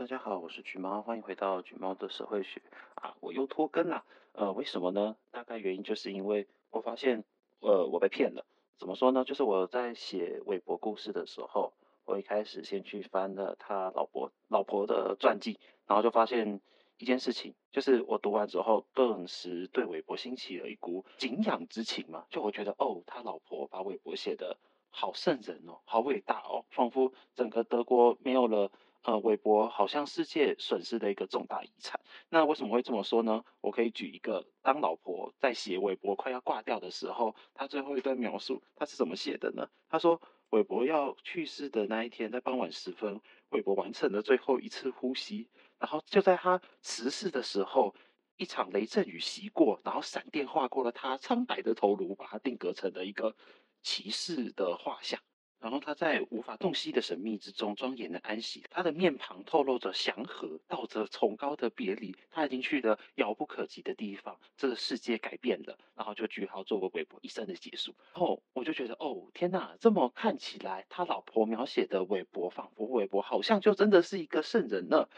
大家好，我是橘貓，歡迎回到橘貓的社會學啊！我又拖更了，呃，為什麼呢？大概原因就是因為我發現，呃，我被騙了。怎麼說呢？就是我在寫韋伯故事的時候，我一開始先去翻了他老婆老婆的傳記，然後就發現一件事情，就是我讀完之後，頓時對韋伯興起了一股景仰之情嘛，就我覺得哦，他老婆把韋伯寫得好聖人哦，好偉大哦，仿佛整個德國沒有了。呃，韋伯好像世界損失的一個重大遺產。那為什麼會這麼說呢？我可以舉一個，當老婆在寫韋伯快要掛掉的時候，他最後一段描述他是怎麼寫的呢？他說，韋伯要去世的那一天，在傍晚時分，韋伯完成了最後一次呼吸。然後就在他辭世的時候，一場雷陣雨襲過，然後閃電劃過了他蒼白的頭顱，把他定格成了一個騎士的畫像。然後他在無法洞悉的神秘之中莊嚴的安息，他的面龐透露着祥和，道着崇高的別離。他已經去了遙不可及的地方，這個世界改變了，然後就句號作為韋伯一生的結束。然後我就覺得，哦，天吶，這麼看起來，他老婆描寫的韋伯，仿佛韋伯好像就真的是一個聖人呢。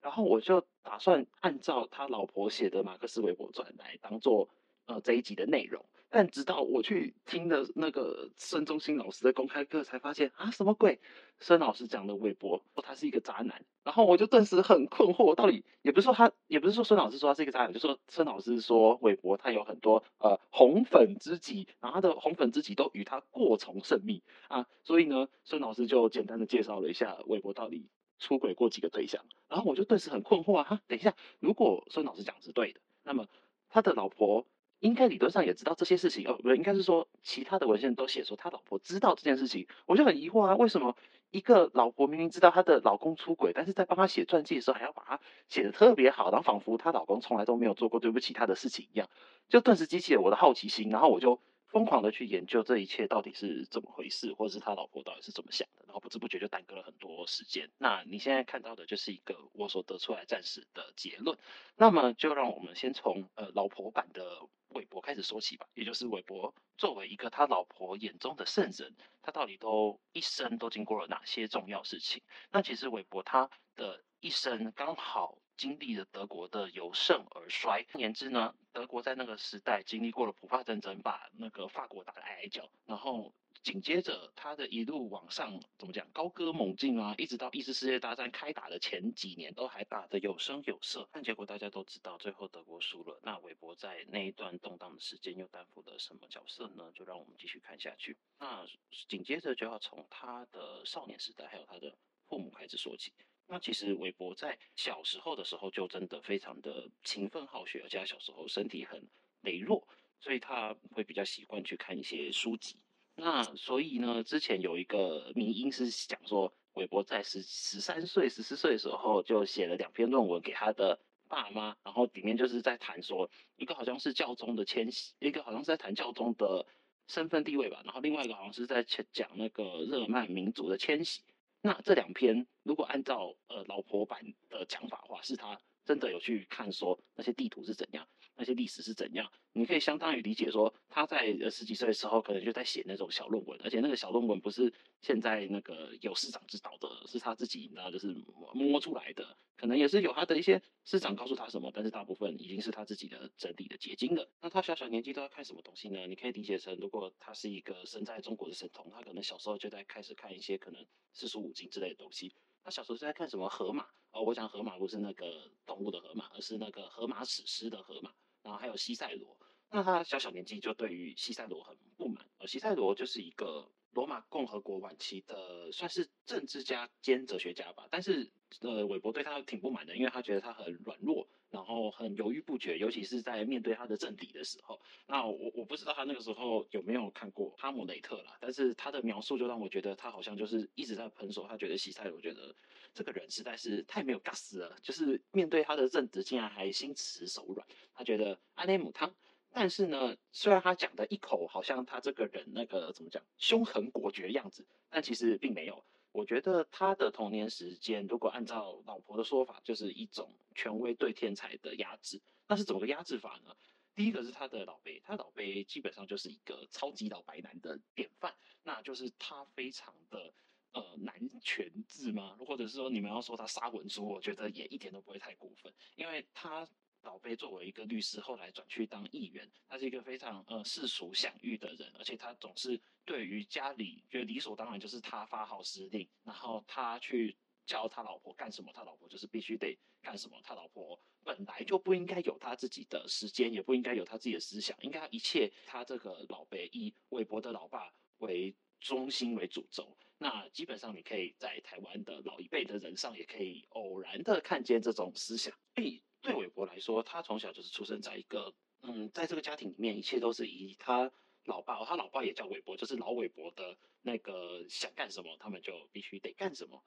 然後我就打算按照他老婆寫的《馬克思韋伯傳》來當做。呃，這一集的內容，但直到我去聽了那個孫中興老師的公開課，才發現啊，什麼鬼？孫老師講的韋伯，他、哦、是一個渣男。然後我就頓時很困惑，到底也不是說他，也不是說孫老師說他是一個渣男，就說孫老師說韋伯他有很多呃紅粉知己，然後他的紅粉知己都與他過從甚密啊。所以呢，孫老師就簡單的介紹了一下韋伯到底出軌過幾個對象。然後我就頓時很困惑啊，哈、啊，等一下，如果孫老師講的是對的，那麼他的老婆？應該理論上也知道這些事情哦，不對，應該是說其他的文獻都寫說他老婆知道這件事情，我就很疑惑啊，為什麼一個老婆明明知道她的老公出軌，但是在幫她寫傳記的時候還要把她寫得特別好，然後仿佛她老公從來都沒有做過對不起她的事情一樣，就頓時激起了我的好奇心，然後我就瘋狂的去研究這一切到底是怎麼回事，或者是他老婆到底是怎麼想的，然後不知不覺就耽擱了很多時間。那你現在看到的就是一個我所得出來暫時的結論，那麼就讓我們先從呃，老婆版的。韋伯開始說起吧，也就是韋伯作為一個他老婆眼中的聖人，他到底都一生都經過了哪些重要事情？那其實韋伯他的一生剛好。經歷了德國的由盛而衰，換言之呢，德國在那個時代經歷過了普法戰爭，把那個法國打得哀哀叫，然後緊接着他的一路往上，怎麼講，高歌猛進啊，一直到第一次世界大戰開打的前幾年，都還打得有聲有色。但結果大家都知道，最後德國輸了。那韋伯在那一段動盪的時間，又擔負了什麼角色呢？就讓我們繼續看下去。那緊接着就要從他的少年時代，還有他的父母開始說起。那其實韋伯在小時候的時候就真的非常的勤奮好學，而且他小時候身體很羸弱，所以他會比較習慣去看一些書籍。那所以呢，之前有一個名音是講說，韋伯在十十三歲、十四歲的時候就寫了兩篇論文給他的爸媽，然後裡面就是在談說一個好像是教宗的遷徙，一個好像是在談教宗的身份地位吧，然後另外一個好像是在講那個日耳曼民族的遷徙。那這兩篇，如果按照呃老婆版的講法的話，是他真的有去看說那些地圖是怎樣？那些歷史是怎樣？你可以相當於理解說，他在呃十幾歲的時候可能就在寫那種小論文，而且那個小論文不是現在那個有師長指導的，是他自己那就是摸出來的，可能也是有他的一些師長告訴他什麼，但是大部分已經是他自己的整理的結晶了。那他小小年紀都要看什麼東西呢？你可以理解成，如果他是一個生在中國的神童，他可能小時候就在開始看一些可能四書五經之類的東西。他小時候就在看什麼《荷馬》哦，我想《荷馬》不是那個動物的河馬，而是那個《荷馬史詩》的荷馬。然後還有西塞羅，那他小小年紀就對於西塞羅很不滿。呃，西塞羅就是一個羅馬共和國晚期的算是政治家兼哲學家吧，但是呃，韋伯對他挺不滿的，因為他覺得他很軟弱。然後很猶豫不決，尤其是在面對他的政敵的時候。那我我不知道他那個時候有沒有看過《哈姆雷特》啦，但是他的描述就讓我覺得他好像就是一直在噴手。他覺得西塞，我覺得這個人實在是太沒有 gas 了，就是面對他的政敵竟然還心慈手軟。他覺得阿內、啊、姆湯，但是呢，雖然他講的一口好像他這個人那個怎麼講兇狠果決樣子，但其實並沒有。我覺得他的童年時間，如果按照老婆的說法，就是一種權威對天才的壓制。那是怎麼個壓制法呢？第一個是他的老貝，他的老貝基本上就是一個超級老白男的典範，那就是他非常的呃男權制嗎？或者是說你們要說他沙文豬，我覺得也一點都不會太過分，因為他。老貝作為一個律師，後來轉去當議員，他是一個非常呃世俗享遇的人，而且他總是對於家裡覺得理所當然，就是他發號施令，然後他去教他老婆幹什麼，他老婆就是必須得幹什麼，他老婆本來就不應該有他自己的時間，也不應該有他自己的思想，應該一切他這個老貝以韋伯的老爸為中心為主軸。那基本上，你可以在台灣的老一輩的人上，也可以偶然的看見這種思想。所、欸、以。對韋伯來說，他從小就是出生在一個，嗯，在這個家庭裡面，一切都是以他老爸，哦，他老爸也叫韋伯，就是老韋伯的那個想幹什麼，他們就必須得幹什麼。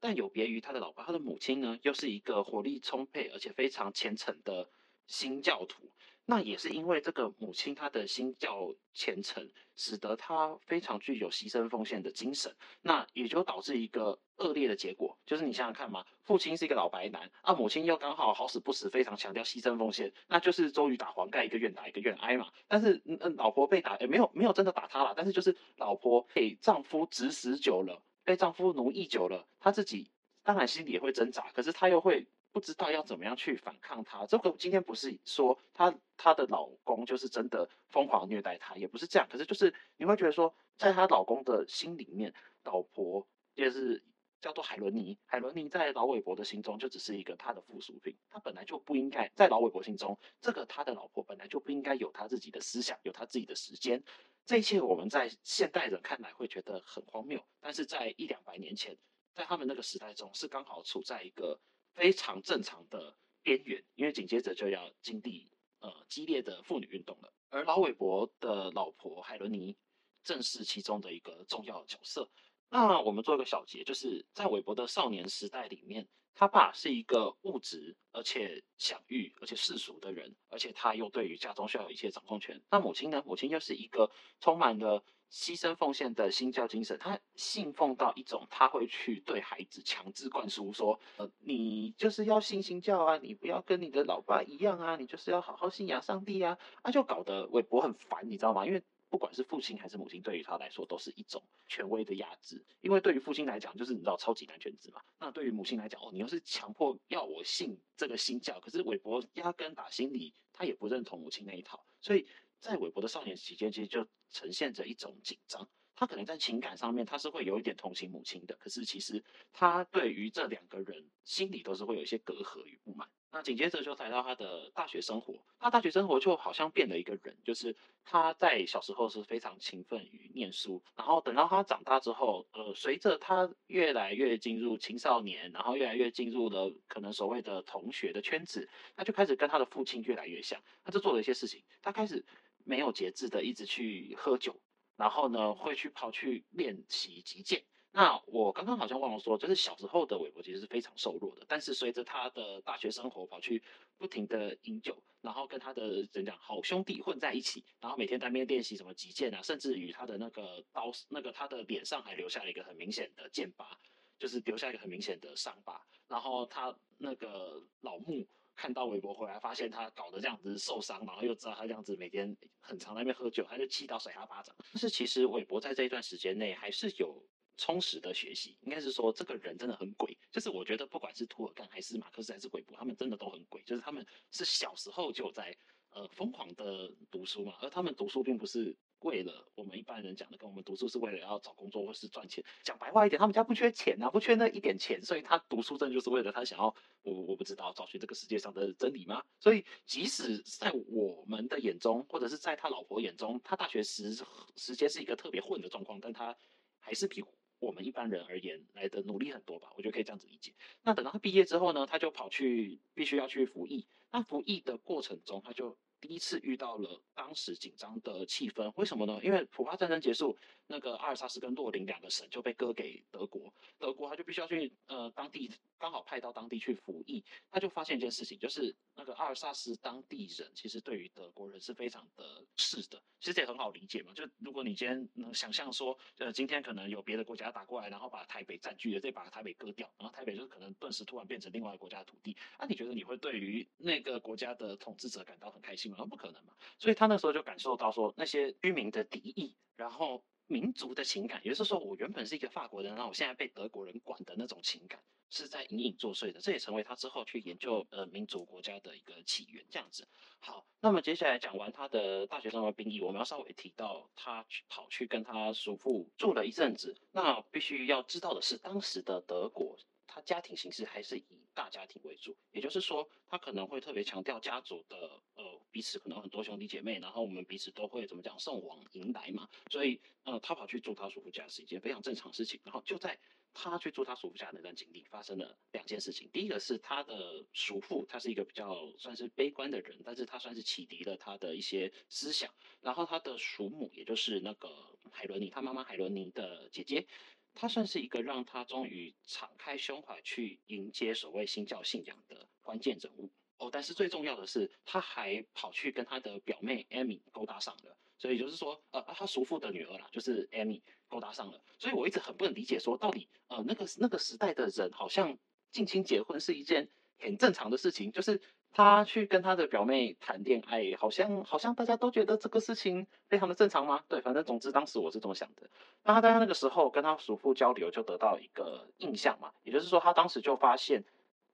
但有別於他的老爸，他的母親呢，又是一個活力充沛而且非常虔誠的新教徒。那也是因為這個母親她的新教虔誠，使得她非常具有犧牲奉獻的精神，那也就導致一個惡劣的結果，就是你想想看嘛，父親是一個老白男啊，母親又剛好好死不死，非常強調犧牲奉獻，那就是周瑜打黃蓋，一個願打一個願挨嘛。但是嗯嗯，老婆被打，哎、欸，沒有沒有真的打她啦，但是就是老婆被丈夫指使久了，被丈夫奴役久了，她自己當然心裡也會掙扎，可是她又會。不知道要怎麼樣去反抗他。這個今天不是說她她的老公就是真的瘋狂虐待她，也不是這樣。可是就是你會覺得說，在她老公的心裡面，老婆也就是叫做海倫尼。海倫尼在老韋伯的心中就只是一個他的附屬品。他本來就不應該在老韋伯心中，這個他的老婆本來就不應該有他自己的思想，有他自己的時間。這一切我們在現代人看來會覺得很荒謬，但是在一兩百年前，在他們那個時代中是剛好處在一個。非常正常的邊緣，因為緊接着就要經歷呃激烈的婦女運動了。而老韋伯的老婆海倫妮正是其中的一個重要角色。那我們做一個小結，就是在韋伯的少年時代裡面，他爸是一個物質而且享譽而且世俗的人，而且他又對於家中需要有一些掌控權。那母親呢？母親又是一個充滿了。犧牲奉獻的新教精神，他信奉到一種，他會去對孩子強制灌輸說，呃，你就是要信新教啊，你不要跟你的老爸一樣啊，你就是要好好信仰上帝呀，啊，就搞得韋伯很煩，你知道嗎？因為不管是父親還是母親，對於他來說都是一種權威的壓制。因為對於父親來講，就是你知道超級男權制嘛，那對於母親來講，哦，你又是強迫要我信這個新教，可是韋伯壓根打心裡他也不認同母親那一套，所以。在韋伯的少年期間，其實就呈現着一種緊張。他可能在情感上面，他是會有一點同情母親的，可是其實他對於這兩個人心裡都是會有一些隔閡與不滿。那緊接着就來到他的大學生活，他大學生活就好像變了一個人。就是他在小時候是非常勤奮與念書，然後等到他長大之後，呃，隨着他越來越進入青少年，然後越來越進入了可能所謂的同學的圈子，他就開始跟他的父親越來越像。他就做了一些事情，他開始。沒有節制的一直去喝酒，然後呢，會去跑去練習擊劍。那我剛剛好像忘了說，就是小時候的韋伯其實是非常瘦弱的，但是隨着他的大學生活跑去不停的飲酒，然後跟他的怎麼講，好兄弟混在一起，然後每天在那邊練習什麼擊劍啊，甚至於他的那個刀，那個他的臉上還留下了一個很明顯的劍疤，就是留下一個很明顯的傷疤。然後他那個老木，看到韋伯回來，發現他搞得這樣子受傷，然後又知道他這樣子每天很常在那邊喝酒，他就氣到甩他巴掌。但是其實韋伯在這一段時間內還是有充實的學習，應該是說這個人真的很鬼。就是我覺得不管是塗爾幹還是馬克思還是韋伯，他們真的都很鬼。就是他們是小時候就在呃瘋狂的讀書嘛，而他們讀書並不是。為了我們一般人講的，跟我們讀書是為了要找工作或是賺錢。講白話一點，他們家不缺錢啊，不缺那一點錢，所以他讀書真的就是為了他想要，我我不知道，找尋這個世界上的真理嗎？所以即使在我們的眼中，或者是在他老婆眼中，他大學時時間是一個特別混的狀況，但他還是比我們一般人而言來的努力很多吧。我覺得可以這樣子理解。那等到他畢業之後呢，他就跑去必須要去服役。那服役的過程中，他就。第一次遇到了當時緊張的氣氛，為什麼呢？因為普法戰爭結束。那個阿爾薩斯跟洛林兩個省就被割給德國，德國他就必須要去呃當地剛好派到當地去服役，他就發現一件事情，就是那個阿爾薩斯當地人其實對於德國人是非常的勢的，其實也很好理解嘛，就如果你今天能想象說，呃，今天可能有別的國家打過來，然後把台北佔據了，再把台北割掉，然後台北就可能頓時突然變成另外一個國家的土地。啊，那你覺得你會對於那個國家的統治者感到很開心嗎？那不可能嘛，所以他那時候就感受到說那些居民的敵意，然後，民族的情感，也就是說，我原本是一個法國人，然後我現在被德國人管的那種情感，是在隱隱作祟的。這也成為他之後去研究呃民族國家的一個起源，這樣子。好，那麼接下來講完他的大學生活、兵役，我們要稍微提到他去跑去跟他叔父住了一陣子。那必須要知道的是，當時的德國，他家庭形式還是以大家庭為主，也就是說，他可能會特別強調家族的呃。彼此可能很多兄弟姐妹，然後我們彼此都會怎麼講送往迎來嘛，所以呃，他跑去住他叔父家是一件非常正常的事情。然後就在他去住他叔父家的那段經歷，發生了兩件事情。第一個是他的叔父，他是一個比較算是悲觀的人，但是他算是啟迪了他的一些思想。然後他的叔母，也就是那個海倫尼，他媽媽海倫尼的姐姐，她算是一個讓他終於敞開胸懷去迎接所謂新教信仰的關鍵人物。哦、但是最重要的是，他還跑去跟他的表妹 Amy 勾搭上了，所以就是說，呃，啊、他叔父的女兒啦，就是 Amy 勾搭上了。所以我一直很不能理解，說到底，呃，那個那個時代的人，好像近親結婚是一件很正常的事情，就是他去跟他的表妹談戀愛，好像好像大家都覺得這個事情非常的正常嗎？對，反正總之當時我是這麼想的。那他在他那個時候跟他叔父交流，就得到一個印象嘛，也就是說他當時就發現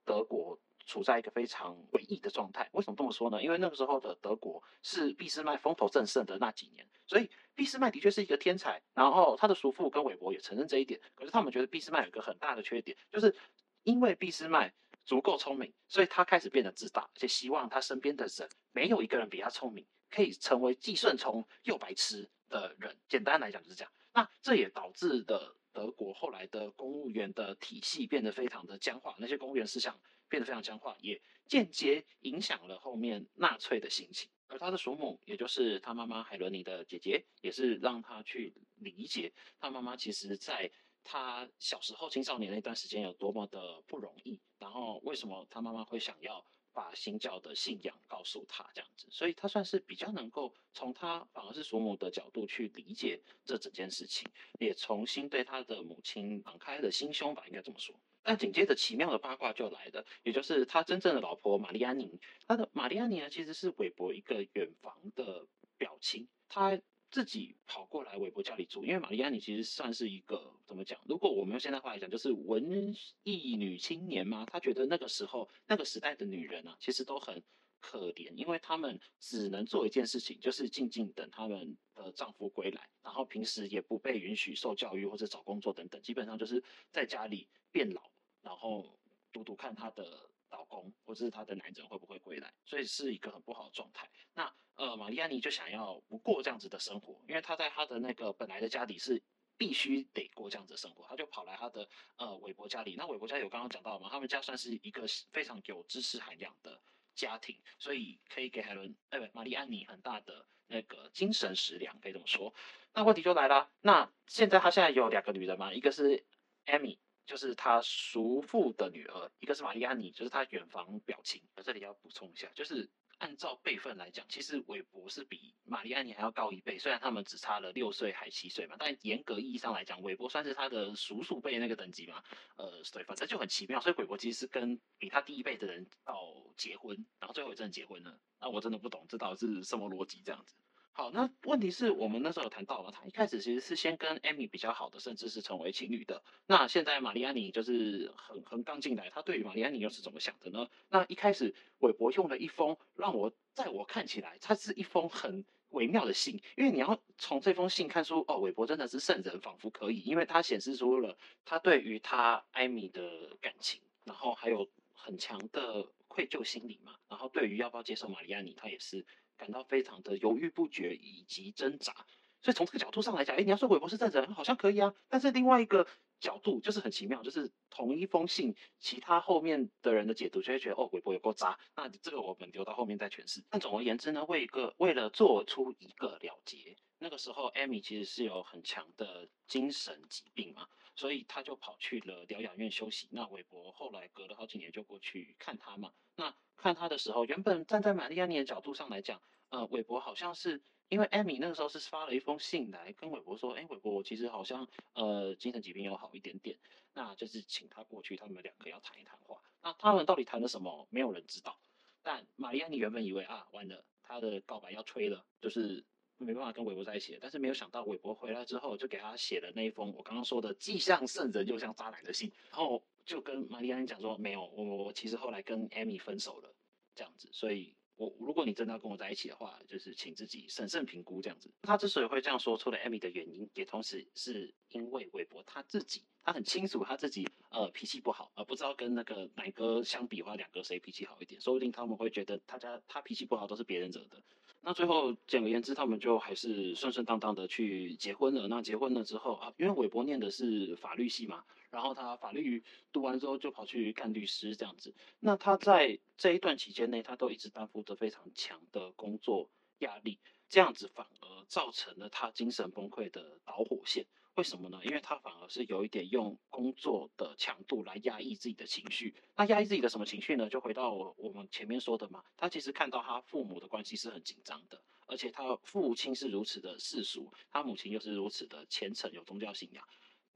德國，處在一個非常詭異的狀態。為什麼這麼說呢？因為那個時候的德國是俾斯麥風頭正盛的那幾年，所以俾斯麥的確是一個天才。然後他的叔父跟韋伯也承認這一點。可是他們覺得俾斯麥有一個很大的缺點，就是因為俾斯麥足夠聰明，所以他開始變得自大，而且希望他身邊的人沒有一個人比他聰明，可以成為既順從又白痴的人。簡單來講就是這樣。那這也導致了德國後來的公務員的體系變得非常的僵化。那些公務員是想。變得非常僵化，也間接影響了後面納粹的心情，而他的祖母，也就是他媽媽海倫尼的姐姐，也是讓他去理解他媽媽其實在他小時候、青少年那段時間有多麼的不容易。然後為什麼他媽媽會想要把新教的信仰告訴他這樣子？所以他算是比較能夠從他反而是祖母的角度去理解這整件事情，也重新對他的母親敞開了心胸吧，應該這麼說。但緊接着奇妙的八卦就來了，也就是他真正的老婆瑪麗安妮，他的瑪麗安妮呢、啊、其實是韋伯一個遠房的表親，他自己跑過來韋伯家裡住，因為瑪麗安妮其實算是一個，怎麼講？如果我們用現代話來講，就是文藝女青年嘛。他覺得那個時候，那個時代的女人啊，其實都很可憐，因為他們只能做一件事情，就是靜靜等他們的丈夫歸來，然後平時也不被允許受教育或者找工作等等，基本上就是在家裡變老，然後賭賭看她的老公或者是她的男人會不會歸來，所以是一個很不好的狀態。那呃，瑪麗安妮就想要不過這樣子的生活，因為她在她的那個本來的家裡是必須得過這樣子的生活，她就跑來她的呃韋伯家裡。那韋伯家有剛剛講到嘛？他們家算是一個非常有知識涵養的。家庭，所以可以給海倫，哎不，瑪麗安妮很大的那個精神食糧，可以這麼說。那問題就來了，那現在他現在有兩個女人嘛，一個是艾米，就是他叔父的女兒；一個是瑪麗安妮，就是他遠房表親。我這裡要補充一下，就是。按照輩分來講，其實韋伯是比瑪麗安妮還要高一輩。雖然他們只差了六歲還七歲嘛，但嚴格意義上來講，韋伯算是他的叔叔輩那個等級嘛。呃，對，反正就很奇妙。所以韋伯其實是跟比他低一輩的人到結婚，然後最後也真的結婚了。那、啊、我真的不懂，這到底是什麼邏輯這樣子？好，那問題是，我們那時候有談到了，他一開始其實是先跟艾米比較好的，甚至是成為情侶的。那現在瑪麗安妮就是很很剛進來，他對於瑪麗安妮又是怎麼想的呢？那一開始韋伯用了一封讓我在我看起來，他是一封很微妙的信，因為你要從這封信看出哦，韋伯真的是聖人，仿佛可以，因為他顯示出了他對於他艾米的感情，然後還有很強的愧疚心理嘛，然後對於要不要接受瑪麗安妮，他也是。感到非常的猶豫不決以及掙扎，所以從這個角度上來講，哎、欸，你要說韋伯是聖人，好像可以啊。但是另外一個。角度就是很奇妙，就是同一封信，其他後面的人的解讀就會覺得哦，韋伯有夠渣。那這個我們留到後面再詮釋。但總而言之呢，為一個為了做出一個了結，那個時候艾米其實是有很強的精神疾病嘛，所以他就跑去了療養院休息。那韋伯後來隔了好幾年就過去看他嘛。那看他的時候，原本站在瑪利亞尼的角度上來講。呃，韋伯好像是因為艾米那個時候是發了一封信來跟韋伯說，哎，韋伯我其實好像呃精神疾病有好一點點，那就是請他過去，他們兩個要談一談話。那他們到底談了什麼，沒有人知道。但瑪麗安妮原本以為啊，完了，他的告白要吹了，就是沒辦法跟韋伯在一起。但是沒有想到韋伯回來之後，就給他寫了那一封我剛剛說的既像聖人又像渣男的信，然後就跟瑪麗安妮講說，沒有，我我其實後來跟艾米分手了，這樣子，所以。我，如果你真的要跟我在一起的話，就是請自己審慎評估這樣子。他之所以會這樣說出了艾米的原因，也同時是因為韋伯他自己，他很清楚他自己呃脾氣不好，而、呃、不知道跟那個奶哥相比的話，兩個誰脾氣好一點，說不定他們會覺得他家他脾氣不好都是別人惹的。那最後簡而言之，他們就還是順順當當的去結婚了。那結婚了之後啊，因為韋伯念的是法律系嘛。然後他法律讀完之後，就跑去看律師這樣子。那他在這一段期間內，他都一直擔負着非常強的工作壓力，這樣子反而造成了他精神崩潰的導火線。為什麼呢？因為他反而是有一點用工作的強度來壓抑自己的情緒。那壓抑自己的什麼情緒呢？就回到我我們前面說的嘛，他其實看到他父母的關係是很緊張的，而且他父親是如此的世俗，他母親又是如此的虔誠，有宗教信仰。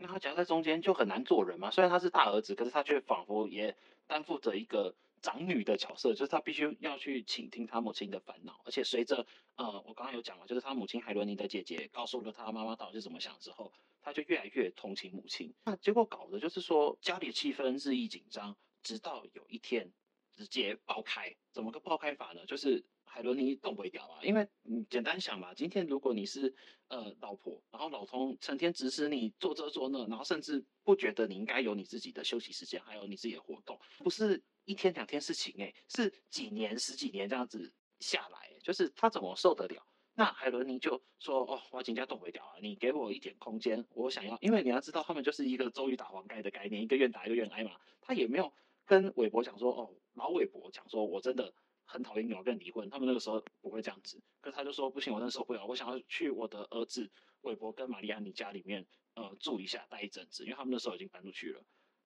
那他夾在中間就很難做人嘛。雖然他是大兒子，可是他卻仿佛也擔負着一個長女的角色，就是他必須要去傾聽他母親的煩惱。而且隨着，呃，我剛剛有講了，就是他母親海倫妮的姐姐告訴了他媽媽到底是怎麼想之後，他就越來越同情母親。那結果搞的就是說，家裡氣氛日益緊張，直到有一天直接爆開。怎麼個爆開法呢？就是。海倫妮動不掉啊，因為你簡單想嘛，今天如果你是呃老婆，然後老公成天指使你做這做那，然後甚至不覺得你應該有你自己的休息時間，還有你自己的活動，不是一天兩天事情哎、欸，是幾年十幾年這樣子下來、欸，就是他怎麼受得了？那海倫妮就說哦，我真的動不掉啊，你給我一點空間，我想要，因為你要知道，他們就是一個周瑜打黃蓋的概念，一個願打一個願挨嘛。他也沒有跟韋伯講說哦，老韋伯講說我真的。很討厭女兒跟人離婚，他們那個時候不會這樣子。可是他就說：“不行，我那時候不啊，我想要去我的兒子韋伯跟瑪麗安妮家裡面，呃，住一下，待一陣子，因為他們那時候已經搬出去了。”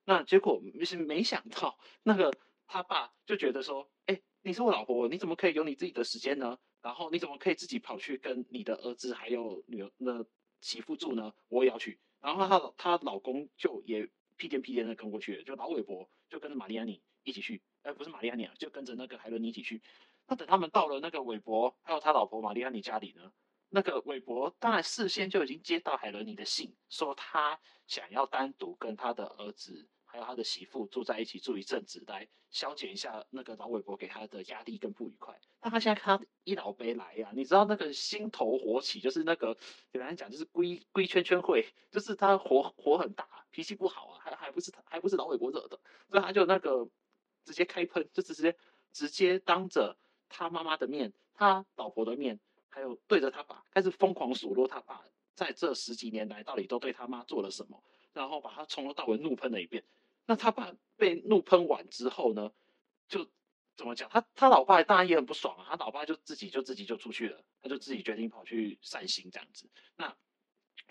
那結果沒沒想到，那個他爸就覺得說：“哎、欸，你是我老婆，你怎麼可以有你自己的時間呢？然後你怎麼可以自己跑去跟你的兒子還有女兒，那媳婦住呢？我也要去。”然後他她老公就也屁顛屁顛的跟過去了，就老韋伯就跟着瑪麗安妮一起去。哎，不是瑪麗安妮啊，就跟着那個海倫妮一起去。那等他們到了那個韋伯還有他老婆瑪麗安妮家裡呢，那個韋伯當然事先就已經接到海倫妮的信，說他想要單獨跟他的兒子還有他的媳婦住在一起住一陣子，來消減一下那個老韋伯給他的壓力跟不愉快。但他現在看伊老杯來呀、啊，你知道那個心頭火起，就是那個簡單講就是龜龜圈圈會，就是他火火很大，脾氣不好啊，還還不是還不是老韋伯惹的，所以他就那個。直接開噴，就直接直接當着他媽媽的面，他老婆的面，還有對着他爸，開始瘋狂數落他爸在這十幾年來到底都對他媽做了什麼，然後把他從頭到尾怒噴了一遍。那他爸被怒噴完之後呢，就怎麼講？他他老爸當然也很不爽啊，他老爸就自己就自己就出去了，他就自己決定跑去散心這樣子。那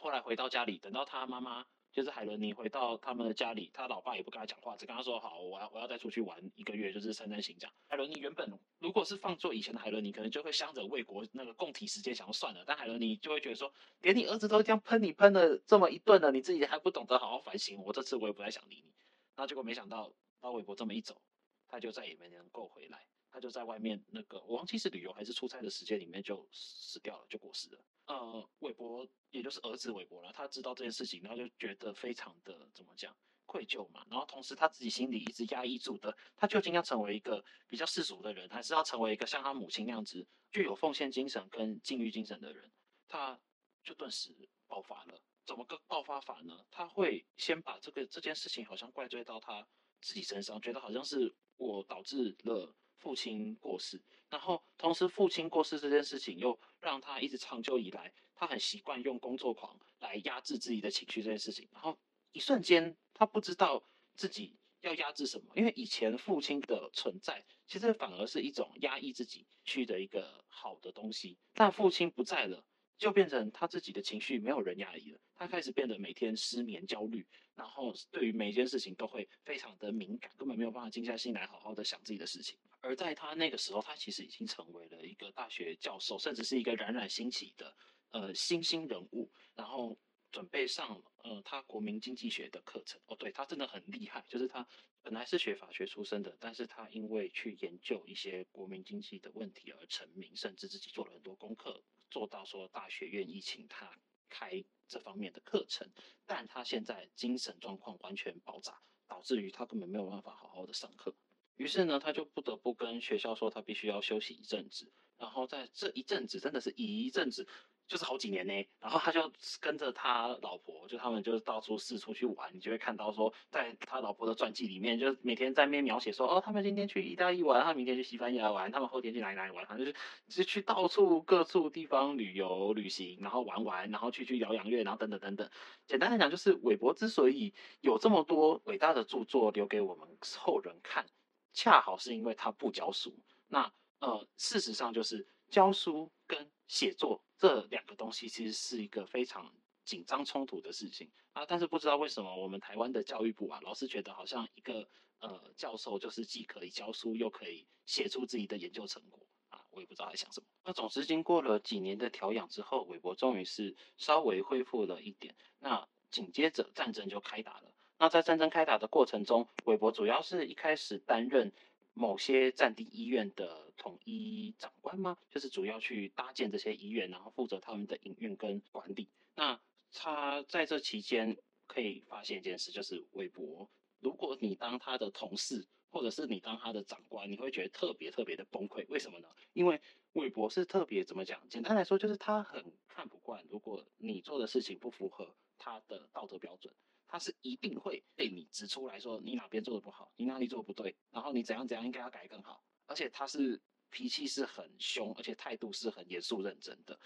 後來回到家裡，等到他媽媽。就是海倫妮回到他們的家裡，他老爸也不跟他講話，只跟他說好，我要我要再出去玩一個月，就是散散心講。海倫妮原本如果是放做以前的海倫妮可能就會想着魏國那個共體時艱，想要算了。但海倫妮就會覺得說，連你兒子都這樣噴你噴了這麼一頓了，你自己還不懂得好好反省，我這次我也不太想理你。那結果沒想到，到韋伯這麼一走，他就再也沒能夠回來，他就在外面那個我忘記是旅遊還是出差的時間裡面就死掉了，就過世了。呃，韋伯也就是兒子韋伯了，他知道這件事情，然後就覺得非常的怎麼講，愧疚嘛。然後同時他自己心裡一直壓抑住的，他究竟要成為一個比較世俗的人，還是要成為一個像他母親那樣子具有奉獻精神跟禁欲精神的人？他就頓時爆發了。怎麼個爆發法呢？他會先把這個這件事情好像怪罪到他自己身上，覺得好像是我導致了父親過世。然後同時父親過世這件事情又。讓他一直長久以來，他很習慣用工作狂來壓制自己的情緒這件事情，然後一瞬間他不知道自己要壓制什麼，因為以前父親的存在，其實反而是一種壓抑自己去的一個好的東西，但父親不在了。就變成他自己的情緒沒有人壓抑了，他開始變得每天失眠、焦慮，然後對於每一件事情都會非常的敏感，根本沒有辦法靜下心來好好的想自己的事情。而在他那個時候，他其實已經成為了一個大學教授，甚至是一個冉冉興起的呃新興人物，然後準備上呃他國民經濟學的課程。哦，對，他真的很厲害，就是他本來是學法學出身的，但是他因為去研究一些國民經濟的問題而成名，甚至自己做了很多功課。做到說大學願意請他開這方面的課程，但他現在精神狀況完全爆炸，導致於他根本沒有辦法好好的上課。於是呢，他就不得不跟學校說他必須要休息一陣子。然後在這一陣子，真的是一陣子。就是好幾年呢，然後他就跟着他老婆，就他們就到處四處去玩，你就會看到說，在他老婆的傳記裡面，就每天在那邊描寫說，哦，他們今天去意大利玩，他們明天去西班牙玩，他們後天去哪裡哪裡玩，反正就是是去到處各處地方旅遊旅行，然後玩玩，然後去去療養院，然後等等等等。簡單來講，就是韋伯之所以有這麼多偉大的著作留給我們後人看，恰好是因為他不教書。那呃，事實上就是教書。跟寫作這兩個東西其實是一個非常緊張衝突的事情啊，但是不知道為什麼我們台灣的教育部啊，老是覺得好像一個呃教授就是既可以教書又可以寫出自己的研究成果啊，我也不知道在想什麼。那總之，經過了幾年的調養之後，韋伯終於是稍微恢復了一點。那緊接着戰爭就開打了。那在戰爭開打的過程中，韋伯主要是一開始擔任。某些戰地醫院的統一長官嗎，就是主要去搭建這些醫院，然後負責他們的營運跟管理。那他在這期間可以發現一件事，就是韋伯，如果你當他的同事，或者是你當他的長官，你會覺得特別特別的崩潰。為什麼呢？因為韋伯是特別怎麼講？簡單來說，就是他很看不慣，如果你做的事情不符合他的道德標準。他是一定會被你指出來說，你哪邊做得不好，你哪裡做得不對，然後你怎樣怎樣應該要改更好。而且他是脾氣是很兇，而且態度是很嚴肅認真的，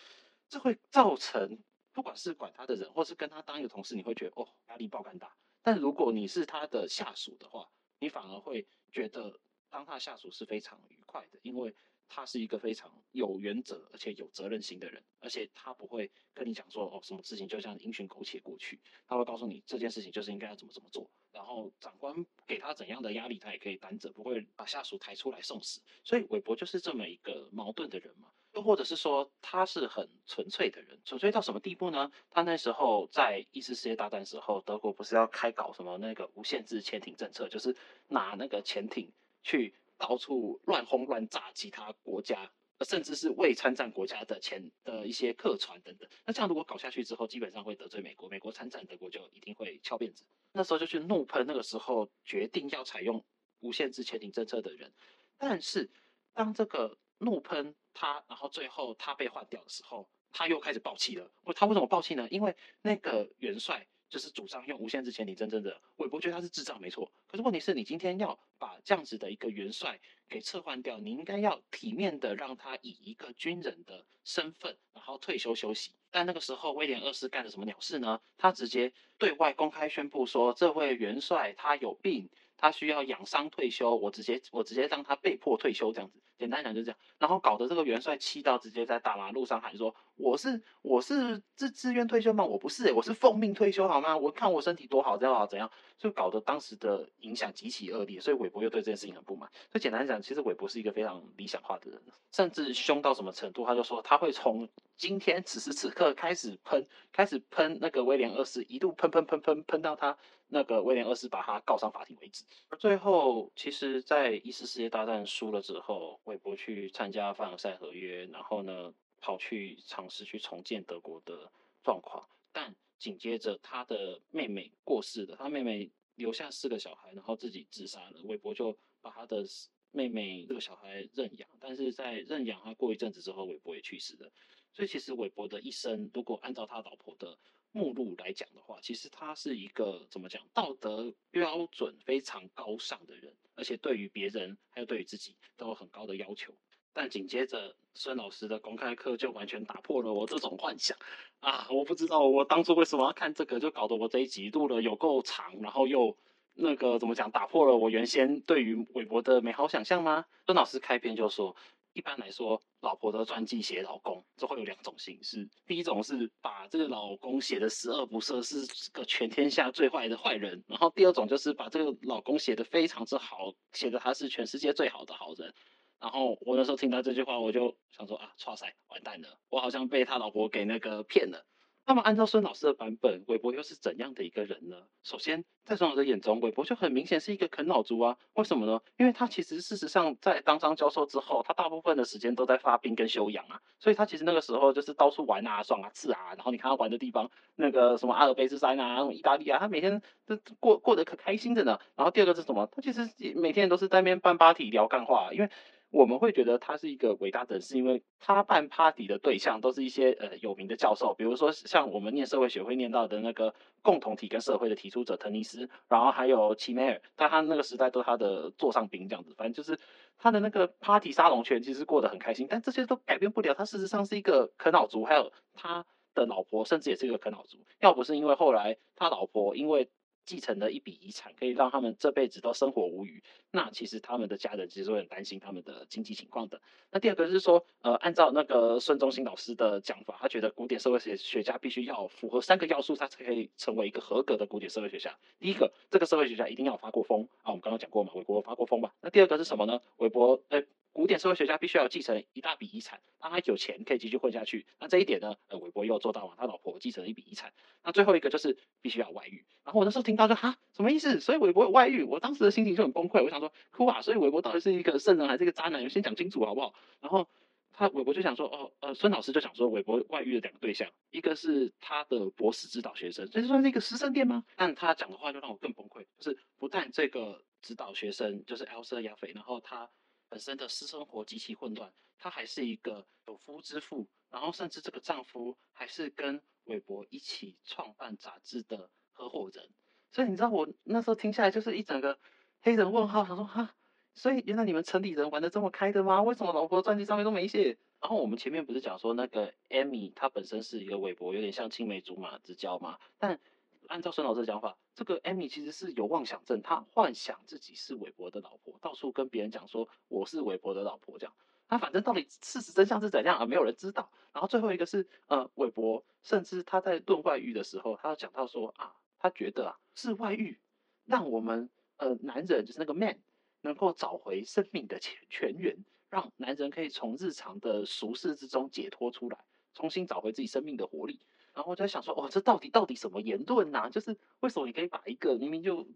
這會造成不管是管他的人，或是跟他當一個同事，你會覺得哦壓力爆肝大。但如果你是他的下屬的話，你反而會覺得當他下屬是非常愉快的，因為。他是一個非常有原則而且有責任心的人，而且他不會跟你講說哦什麼事情就像英雄苟且過去，他會告訴你這件事情就是應該要怎麼怎麼做。然後長官給他怎樣的壓力，他也可以擔着，不會把下屬抬出來送死。所以韋伯就是這麼一個矛盾的人嘛，又或者是說他是很純粹的人，純粹到什麼地步呢？他那時候在一次世界大戰時候，德國不是要開搞什麼那個無限制潛艇政策，就是拿那個潛艇去。到處亂轟亂炸其他國家，甚至是未參戰國家的前的一些客船等等。那這樣如果搞下去之後，基本上會得罪美國。美國參戰，德國就一定會翹辮子。那時候就去怒噴那個時候決定要採用無限制潛艇政策的人。但是當這個怒噴他，然後最後他被換掉的時候，他又開始爆氣了。他為什麼爆氣呢？因為那個元帥。就是主張用無限制潛艇，你真正的韋伯覺得他是智障，沒錯。可是問題是你今天要把這樣子的一個元帥給撤換掉，你應該要體面的讓他以一個軍人的身份，然後退休休息。但那個時候威廉二世幹了什麼鳥事呢？他直接對外公開宣布說，這位元帥他有病。他需要養傷退休，我直接我直接讓他被迫退休這樣子，簡單講就是這樣。然後搞得這個元帥氣到直接在大馬路上喊說：“我是我是自自願退休嗎？我不是、欸，哎，我是奉命退休好嗎？我看我身體多好，這樣好怎樣，就搞得當時的影響極其惡劣。所以韋伯又對這件事情很不滿。所以簡單講，其實韋伯是一個非常理想化的人，甚至凶到什麼程度，他就說他會從今天此時此刻開始噴，開始噴那個威廉二世，一度噴噴噴噴噴到他。那個威廉二世把他告上法庭為止，而最後其實，在一次世界大戰輸了之後，韋伯去參加凡爾賽合約，然後呢，跑去嘗試去重建德國的狀況，但緊接着他的妹妹過世了，他妹妹留下四個小孩，然後自己自殺了，韋伯就把他的妹妹這個小孩認養，但是在認養他過一陣子之後，韋伯也去世了，所以其實韋伯的一生，如果按照他老婆的。目錄來講的話，其實他是一個怎麼講道德標準非常高尚的人，而且對於別人還有對於自己都有很高的要求。但緊接着孫老師的公開課就完全打破了我這種幻想啊！我不知道我當初為什麼要看這個，就搞得我這一集錄了有夠長，然後又那個怎麼講打破了我原先對於韋伯的美好想象嗎？孫老師開篇就說。一般來說，老婆的傳記寫老公，就會有兩種形式。第一種是把這個老公寫的十惡不赦，是個全天下最壞的壞人；然後第二種就是把這個老公寫的非常之好，寫的他是全世界最好的好人。然後我那時候聽到這句話，我就想說啊，剉賽，完蛋了，我好像被他老婆給那個騙了。那麼，按照孫老師的版本，韋伯又是怎樣的一個人呢？首先，在孫老師眼中，韋伯就很明顯是一個啃老族啊。為什麼呢？因為他其實事實上在當上教授之後，他大部分的時間都在發病跟休養啊，所以他其實那個時候就是到處玩啊、爽啊、刺啊。然後你看他玩的地方，那個什麼阿爾卑斯山啊、那種意大利啊，他每天都過過得可開心的呢。然後第二個是什麼？他其實每天都是在那邊辦趴體聊幹話啊，因為。我們會覺得他是一個偉大的人，是因為他辦 party 的對象都是一些呃有名的教授，比如說像我們念社會學會念到的那個共同體跟社會的提出者滕尼斯，然後還有齊美爾，但他那個時代都是他的座上賓這樣子翻。反正就是他的那個 party 沙龍圈，其實過得很開心，但這些都改變不了他事實上是一個啃老族，還有他的老婆甚至也是一個啃老族。要不是因為後來他老婆因為。繼承了一筆遺產，可以讓他們這輩子都生活無虞。那其實他們的家人其實會很擔心他們的經濟情況的。那第二個是說，呃，按照那個孫中興老師的講法，他覺得古典社會學家必須要符合三個要素，他才可以成為一個合格的古典社會學家。第一個，這個社會學家一定要發過瘋啊！我們剛剛講過嘛，韋伯發過瘋吧？那第二個是什麼呢？韋伯，呃，古典社會學家必須要繼承一大筆遺產，他還有錢可以繼續混下去。那這一點呢，呃，韋伯又做到了，他老婆繼承了一筆遺產。那最後一個就是必須要外遇。然後我那時候聽。他說哈，什麼意思？所以韋伯有外遇，我當時的心情就很崩潰。我想說，哭啊！所以韋伯到底是一個聖人還是一個渣男？你先講清楚好不好？然後他韋伯就想說，哦呃，孫老師就想說，韋伯外遇的兩個對象，一個是他的博士指導學生，所以就算是一個師生戀嗎？但他講的話就讓我更崩潰，就是不但這個指導學生就是埃爾莎雅菲，然後她本身的私生活極其混亂，她還是一個有夫之婦，然後甚至這個丈夫還是跟韋伯一起創辦雜誌的合夥人。所以你知道我那時候聽下來就是一整個黑人問號，想說哈，所以原來你們城裡人玩得這麼開的嗎？為什麼老婆傳記上面都沒寫？然後我們前面不是講說那個艾米她本身是一個韋伯，有點像青梅竹馬之交嘛。但按照孫老師的講法，這個艾米其實是有妄想症，她幻想自己是韋伯的老婆，到處跟別人講說我是韋伯的老婆這樣。她反正到底事實真相是怎樣啊而沒有人知道。然後最後一個是呃韋伯，甚至他在論外遇的時候，他講到說啊。他覺得啊，是外遇讓我們呃男人就是那個 man 能夠找回生命的泉泉源，讓男人可以從日常的俗事之中解脫出來，重新找回自己生命的活力。然後我就在想說，哦，這到底到底什麼言論吶、啊？就是為什麼你可以把一個明明就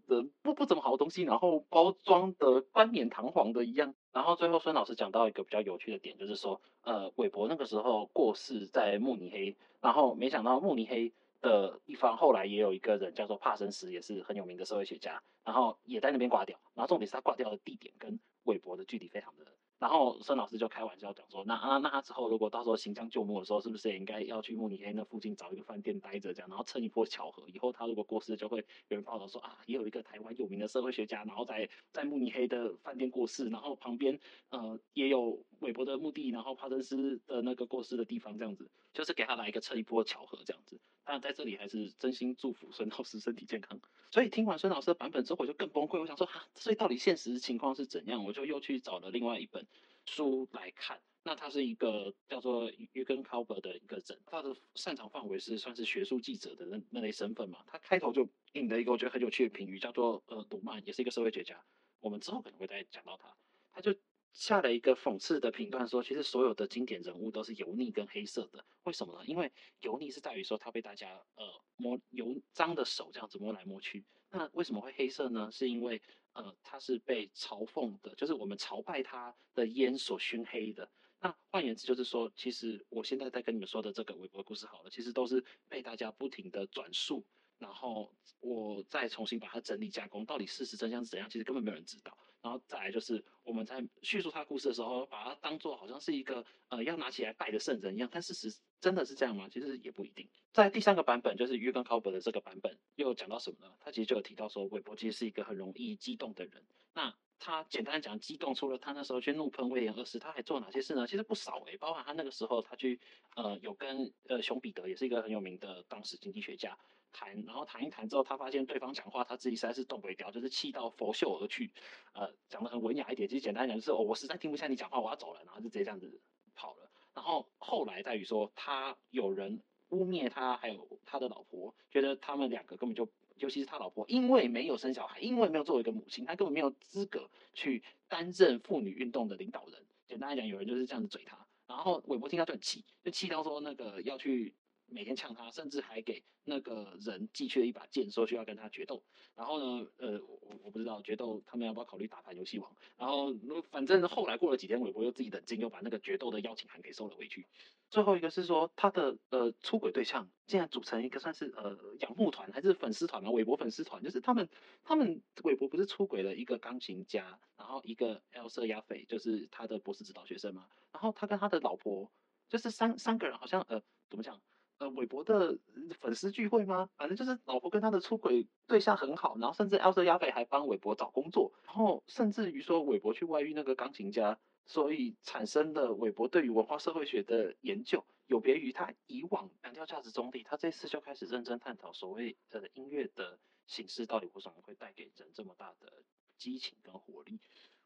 不不怎麼好的東西，然後包裝得冠冕堂皇的一樣？然後最後孫老師講到一個比較有趣的點，就是說，呃，韋伯那個時候過世在慕尼黑，然後沒想到慕尼黑，的一方後來也有一個人叫做帕森斯，也是很有名的社會學家，然後也在那邊掛掉。然後重點是他掛掉的地點跟韋伯的距離非常的。然後孫老師就開玩笑講說，那啊那他之後如果到時候行將就木的時候，是不是也應該要去慕尼黑那附近找一個飯店待着這樣？然後蹭一波巧合，以後他如果過世，就會有人報道說啊，也有一個台灣有名的社會學家，然後在在慕尼黑的飯店過世，然後旁邊呃也有。韋伯的墓地，然後帕森斯的那個過世的地方，這樣子，就是給他來一個蹭一波巧合，這樣子。當、啊、然在這裡還是真心祝福孫老師身體健康。所以聽完孫老師的版本之後，我就更崩潰。我想說，哈、啊，所以到底現實情況是怎樣？我就又去找了另外一本書來看。那他是一個叫做約根·考伯的一個人，他的擅長範圍是算是學術記者的那那類身份嘛。他開頭就引了一個我覺得很有趣的評語，叫做“呃，讀曼也是一個社會學家”。我們之後可能會再講到他，他就。下了一個諷刺的評斷，說其實所有的經典人物都是油膩跟黑色的，為什麼呢？因為油膩是在於說他被大家呃摸油髒的手這樣子摸來摸去，那為什麼會黑色呢？是因為呃他是被朝奉的，就是我們朝拜他的煙所熏黑的。那換言之就是說，其實我現在在跟你們說的這個韋伯故事好了，其實都是被大家不停地轉述，然後我再重新把它整理加工，到底事實真相是怎樣？其實根本沒有人知道。然後再來就是我們在敘述他故事的時候，把他當做好像是一個呃要拿起來拜的聖人一樣，但事實真的是這樣嗎？其實也不一定。在第三個版本，就是約根考伯的這個版本，又講到什麼呢？他其實就有提到說，韋伯其實是一個很容易激動的人。那他簡單講，激動除了他那時候去怒噴威廉二世，他還做哪些事呢？其實不少誒，包含他那個時候他去呃有跟呃熊彼得，也是一個很有名的當時經濟學家。談，然後談一談之後，他發現對方講話，他自己實在是動不了，就是氣到拂袖而去。呃，講得很文雅一點，其實簡單講就是，哦，我實在聽不下你講話，我要走了，然後就直接這樣子跑了。然後後來在於說，他有人污衊他，還有他的老婆，覺得他們兩個根本就，尤其是他老婆，因為沒有生小孩，因為沒有做一個母親，她根本沒有資格去擔任婦女運動的領導人。簡單來講，有人就是這樣子嘴他。然後韋伯聽到就很氣，就氣到說那個要去。每天嗆他，甚至還給那個人寄去了一把劍，說需要跟他決鬥。然後呢，呃，我不知道決鬥他們要不要考慮打盤遊戲王。然後反正後來過了幾天，韋伯又自己冷靜，又把那個決鬥的邀請函給收了回去。最後一個是說他的呃出軌對象，竟然組成一個算是呃仰慕團還是粉絲團啊，韋伯粉絲團就是他們他們韋伯不是出軌了一個鋼琴家，然後一個 Else Jaffé 就是他的博士指導學生嘛。然後他跟他的老婆就是三三個人好像呃怎麼講？呃，韋伯的粉絲聚會嗎？反、啊、正就是老婆跟他的出軌對象很好，然後甚至 Else Jaffé 還幫韋伯找工作，然後甚至於說韋伯去外遇那個鋼琴家，所以產生了韋伯對於文化社會學的研究，有別於他以往強調價值中立，他這次就開始認真探討所謂的音樂的形式到底為什麼會帶給人這麼大的激情跟活力。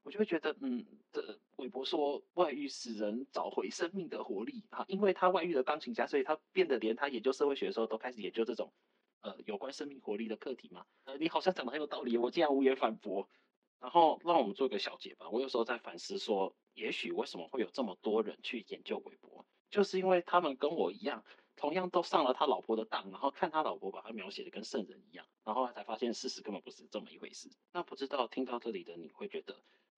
我就會覺得，嗯，這韋伯說外遇使人找回生命的活力啊，因為他外遇了鋼琴家，所以他變得連他研究社會學的時候都開始研究這種，呃，有關生命活力的課題嘛。呃，你好像講得很有道理，我竟然無言反駁。然後讓我們做個小結吧。我有時候在反思說，也許為什麼會有這麼多人去研究韋伯，就是因為他們跟我一樣，同樣都上了他老婆的當，然後看他老婆把他描寫的跟聖人一樣，然後才發現事實根本不是這麼一回事。那不知道聽到這裡的你會覺得？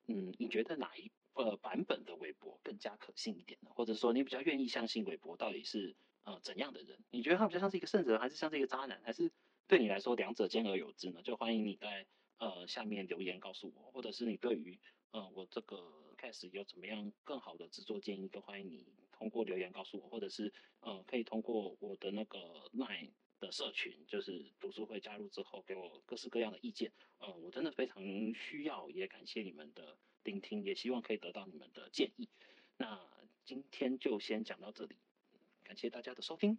嗯，你覺得哪一個、呃、版本的韋伯更加可信一點呢？或者說你比較願意相信韋伯到底是呃怎樣的人？你覺得他比較像是一個聖人，還是像是一個渣男，還是對你來說兩者兼而有之呢？就歡迎你在呃下面留言告訴我，或者是你對於呃我這個 case 有怎麼樣更好的制作建議，都歡迎你通過留言告訴我，或者是呃可以通過我的那個 line。的社群，就是讀書會，加入之後，給我各式各樣的意見，呃，我真的非常需要，也感謝你們的聆聽，也希望可以得到你們的建議。那今天就先講到這裡，感謝大家的收聽。